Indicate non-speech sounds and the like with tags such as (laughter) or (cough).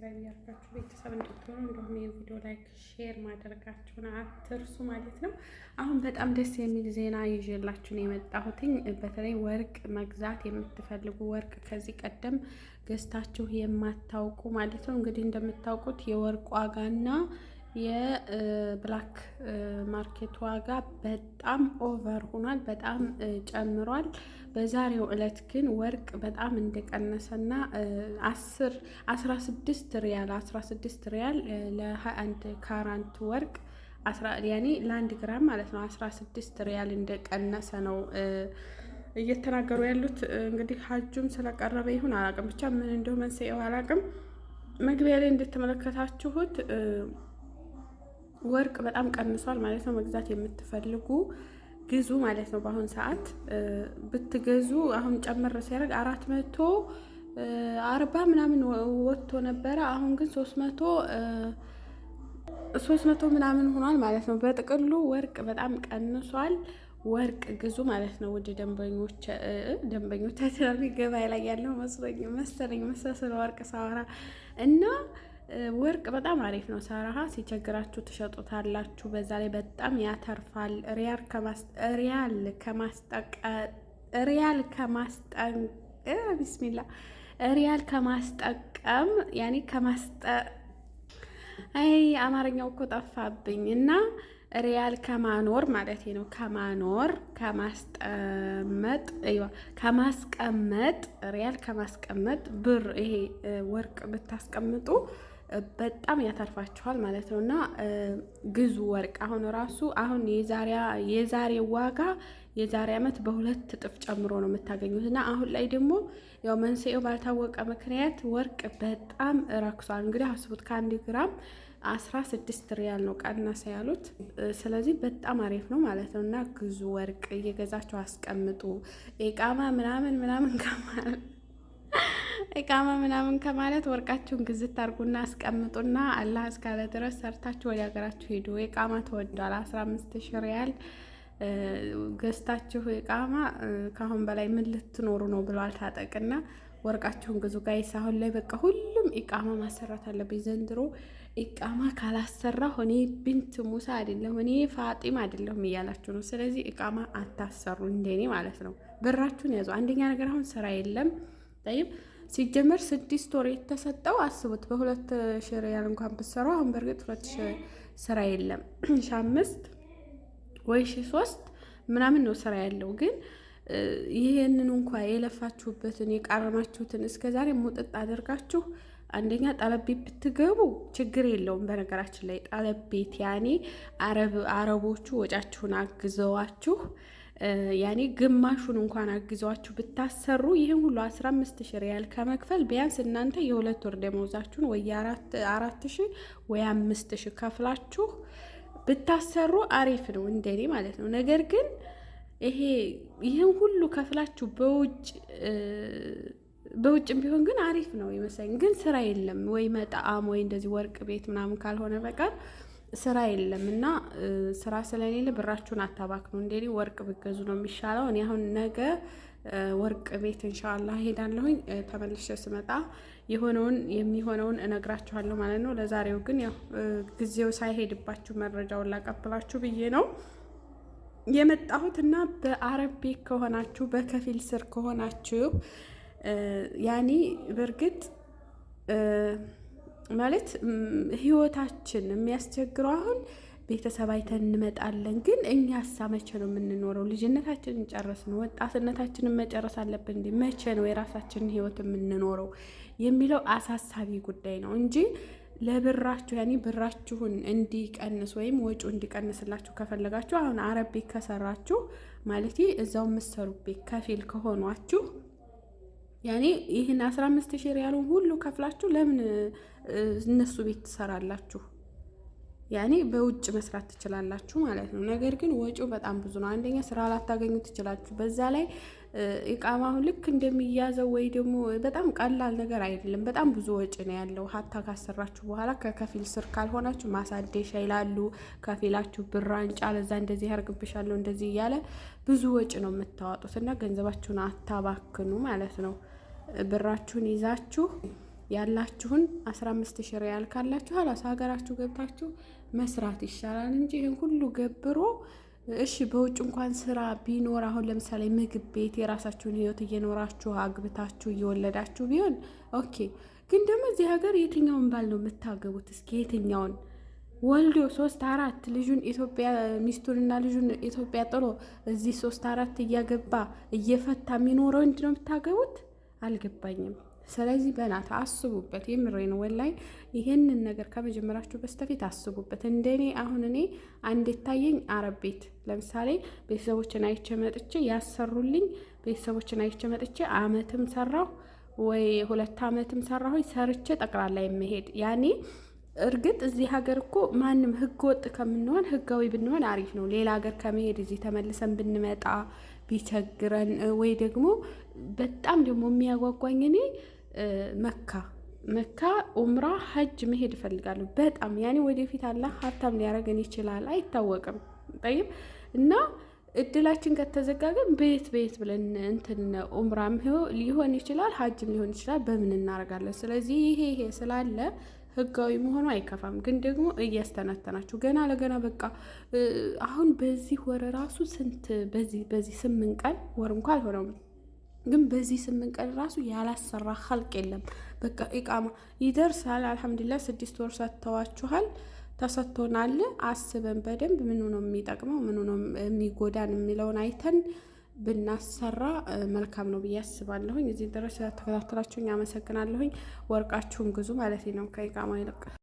ሰብስክራይብ እያደረጋችሁ ቤተሰብ እንድትሆኑ እንደሁም ይህ ቪዲዮ ላይክ፣ ሼር ማድረጋችሁን አትርሱ ማለት ነው። አሁን በጣም ደስ የሚል ዜና ይዤላችሁን የመጣሁትኝ። በተለይ ወርቅ መግዛት የምትፈልጉ ወርቅ ከዚህ ቀደም ገዝታችሁ የማታውቁ ማለት ነው እንግዲህ እንደምታውቁት የወርቅ ዋጋና የብላክ ማርኬት ዋጋ በጣም ኦቨር ሆኗል፣ በጣም ጨምሯል። በዛሬው ዕለት ግን ወርቅ በጣም እንደቀነሰና አስር አስራ ስድስት ሪያል አስራ ስድስት ሪያል ለሀያ አንድ ካራንት ወርቅ ያኔ ለአንድ ግራም ማለት ነው አስራ ስድስት ሪያል እንደቀነሰ ነው እየተናገሩ ያሉት። እንግዲህ ሀጁም ስለቀረበ ይሁን አላቅም፣ ብቻ ምን እንደው መንስኤው አላቅም። መግቢያ ላይ እንደተመለከታችሁት ወርቅ በጣም ቀንሷል ማለት ነው። መግዛት የምትፈልጉ ግዙ ማለት ነው። በአሁን ሰዓት ብትገዙ አሁን ጨምር ሲያደርግ አራት መቶ አርባ ምናምን ወጥቶ ነበረ። አሁን ግን ሶስት መቶ ሶስት መቶ ምናምን ሆኗል ማለት ነው። በጥቅሉ ወርቅ በጣም ቀንሷል። ወርቅ ግዙ ማለት ነው። ወደ ደንበኞች ደንበኞቻችን ገበያ ላይ ያለው መስሎኝ መሰለኝ መሳሰለ ወርቅ ሳወራ እና ወርቅ በጣም አሪፍ ነው። ሰራሃ ሲቸግራችሁ ትሸጡታላችሁ። በዛ ላይ በጣም ያተርፋል። ሪያል ከማስጠቀም ቢስሚላ ሪያል ከማስጠቀም ያኔ ከማስጠ አይ አማርኛው እኮ ጠፋብኝ እና ሪያል ከማኖር ማለት ነው ከማኖር ከማስጠመጥ ከማስቀመጥ ሪያል ከማስቀመጥ ብር ይሄ ወርቅ ብታስቀምጡ በጣም ያተርፋችኋል ማለት ነው። እና ግዙ ወርቅ አሁን ራሱ አሁን የዛሬ ዋጋ የዛሬ ዓመት በሁለት እጥፍ ጨምሮ ነው የምታገኙት። እና አሁን ላይ ደግሞ ያው መንስኤው ባልታወቀ ምክንያት ወርቅ በጣም ረክሷል። እንግዲህ አስቡት ከአንድ ግራም አስራ ስድስት ሪያል ነው ቀነሰ ያሉት። ስለዚህ በጣም አሪፍ ነው ማለት ነው እና ግዙ ወርቅ እየገዛችሁ አስቀምጡ። ኢቃማ ምናምን ምናምን (laughs) ከማለት እቃማ ምናምን ከማለት ወርቃችሁን ግዝት አርጉና አስቀምጡና አላህ እስካለ ድረስ ሰርታችሁ ወደ ሀገራችሁ ሄዱ። እቃማ ተወዷል። አስራ አምስት ሺ ሪያል ገዝታችሁ እቃማ ከአሁን በላይ ምን ልትኖሩ ነው ብሏል ታጠቅና ወርቃችሁን ግዙ ጋይስ። አሁን ላይ በቃ ሁሉም ኢቃማ ማሰራት አለብኝ። ዘንድሮ ኢቃማ ካላሰራ እኔ ብንት ሙሳ አይደለሁ እኔ ፋጢም አይደለሁም እያላችሁ ነው። ስለዚህ ኢቃማ አታሰሩ እንደኔ ማለት ነው። ብራችሁን ያዙ። አንደኛ ነገር አሁን ስራ የለም። ሲጀመር ስድስት ወር የተሰጠው አስቡት። በሁለት ሺህ ሪያል እንኳን ብትሰሩ አሁን በእርግጥ ሁለት ስራ የለም (clears throat) ሺ አምስት ወይ ሺ ሶስት ምናምን ነው ስራ ያለው ግን ይህንን እንኳ የለፋችሁበትን የቃረማችሁትን እስከ ዛሬ ሙጥጥ አድርጋችሁ አንደኛ ጠለቤት ብትገቡ ችግር የለውም። በነገራችን ላይ ጠለቤት ያኔ አረቦቹ ወጫችሁን አግዘዋችሁ ያኔ ግማሹን እንኳን አግዟችሁ ብታሰሩ ይህን ሁሉ አስራ አምስት ሺ ሪያል ከመክፈል ቢያንስ እናንተ የሁለት ወር ደመወዛችሁን ወይ አራት ሺ ወይ አምስት ሺ ከፍላችሁ ብታሰሩ አሪፍ ነው፣ እንደኔ ማለት ነው። ነገር ግን ይሄ ይህን ሁሉ ከፍላችሁ በውጭ በውጭም ቢሆን ግን አሪፍ ነው ይመስለኝ። ግን ስራ የለም ወይ መጣም ወይ እንደዚህ ወርቅ ቤት ምናምን ካልሆነ በቃ ስራ የለም እና ስራ ስለሌለ ብራችሁን አታባክኑ። እንደ ወርቅ ብገዙ ነው የሚሻለው። እኔ አሁን ነገ ወርቅ ቤት እንሻላ ሄዳለሁኝ። ተመልሼ ስመጣ የሆነውን የሚሆነውን እነግራችኋለሁ ማለት ነው። ለዛሬው ግን ያው ጊዜው ሳይሄድባችሁ መረጃውን ላቀብላችሁ ብዬ ነው የመጣሁት እና በአረብ ቤት ከሆናችሁ በከፊል ስር ከሆናችሁ ያኔ በእርግጥ ማለት ህይወታችን የሚያስቸግረው አሁን ቤተሰብ አይተን እንመጣለን፣ ግን እኛ ሳ መቼ ነው የምንኖረው? ልጅነታችንን ጨረስን፣ ወጣትነታችንን መጨረስ አለብን። እንዲ መቼ ነው የራሳችንን ህይወት የምንኖረው የሚለው አሳሳቢ ጉዳይ ነው እንጂ ለብራችሁ ያኔ ብራችሁን እንዲቀንስ ወይም ወጪ እንዲቀንስላችሁ ከፈለጋችሁ አሁን አረብ ቤት ከሰራችሁ ማለት እዛው የምትሰሩ ቤት ከፊል ከሆኗችሁ ያኔ ይህን አስራ አምስት ሺህ ሪያሉን ሁሉ ከፍላችሁ ለምን እነሱ ቤት ትሰራላችሁ? ያኔ በውጭ መስራት ትችላላችሁ ማለት ነው። ነገር ግን ወጪው በጣም ብዙ ነው። አንደኛ ስራ ላታገኙ ትችላችሁ። በዛ ላይ ኢቃማ አሁን ልክ እንደሚያዘው ወይ ደግሞ በጣም ቀላል ነገር አይደለም። በጣም ብዙ ወጪ ነው ያለው። ሀታ ካሰራችሁ በኋላ ከከፊል ስር ካልሆናችሁ ማሳደሻ ይላሉ። ከፊላችሁ ብር አንጫ ለዛ እንደዚህ ያርግብሻለሁ እንደዚህ እያለ ብዙ ወጪ ነው የምታዋጡት እና ገንዘባችሁን አታባክኑ ማለት ነው። ብራችሁን ይዛችሁ ያላችሁን አስራ አምስት ሺህ ሪያል ካላችሁ ሀገራችሁ ገብታችሁ መስራት ይሻላል እንጂ ይህን ሁሉ ገብሮ እሺ በውጭ እንኳን ስራ ቢኖር አሁን ለምሳሌ ምግብ ቤት የራሳችሁን ህይወት እየኖራችሁ አግብታችሁ እየወለዳችሁ ቢሆን ኦኬ። ግን ደግሞ እዚህ ሀገር የትኛውን ባል ነው የምታገቡት? እስኪ የትኛውን ወልዶ ሶስት አራት ልጁን ኢትዮጵያ ሚስቱንና ልጁን ኢትዮጵያ ጥሎ እዚህ ሶስት አራት እያገባ እየፈታ የሚኖረው እንድ ነው የምታገቡት? አልገባኝም። ስለዚህ በና አስቡበት። የምሬን ወላይ ይሄንን ነገር ከመጀመራችሁ በስተፊት አስቡበት። እንደኔ አሁን እኔ አንድ ታየኝ አረብ ቤት ለምሳሌ ቤተሰቦችን አይቼ መጥቼ ያሰሩልኝ ቤተሰቦችን አይቼ መጥቼ አመትም ሰራሁ ወይ ሁለት አመትም ሰራሁ ሰርቼ ጠቅላላ የመሄድ ያኔ እርግጥ እዚህ ሀገር እኮ ማንም ህገ ወጥ ከምንሆን ህጋዊ ብንሆን አሪፍ ነው። ሌላ ሀገር ከመሄድ እዚህ ተመልሰን ብንመጣ ቢቸግረን ወይ ደግሞ በጣም ደግሞ የሚያጓጓኝ እኔ መካ መካ ኡምራ ሀጅ መሄድ እፈልጋለሁ በጣም ያኔ ወደፊት አላህ ሀብታም ሊያደርገን ይችላል አይታወቅም ጠይም እና እድላችን ከተዘጋ ግን በየት በየት ብለን እንትን ኡምራም ሊሆን ይችላል ሀጅም ሊሆን ይችላል በምን እናደርጋለን ስለዚህ ይሄ ይሄ ስላለ ህጋዊ መሆኑ አይከፋም ግን ደግሞ እያስተናተናችሁ ገና ለገና በቃ አሁን በዚህ ወር ራሱ ስንት በዚህ በዚህ ስምንት ቀን ወር እንኳ አልሆነም ግን በዚህ ስምንት ቀን ራሱ ያላሰራ ሀልቅ የለም። በቃ ኢቃማ ይደርሳል። አልሐምዱሊላህ ስድስት ወር ሰጥተዋችኋል፣ ተሰጥቶናል። አስበን በደንብ ምኑ ነው የሚጠቅመው ምኑ ነው የሚጎዳን የሚለውን አይተን ብናሰራ መልካም ነው ብዬ አስባለሁኝ። እዚህ ድረስ ተከታተላችሁኝ አመሰግናለሁኝ። ወርቃችሁን ግዙ ማለት ነው ከኢቃማ ይልቅ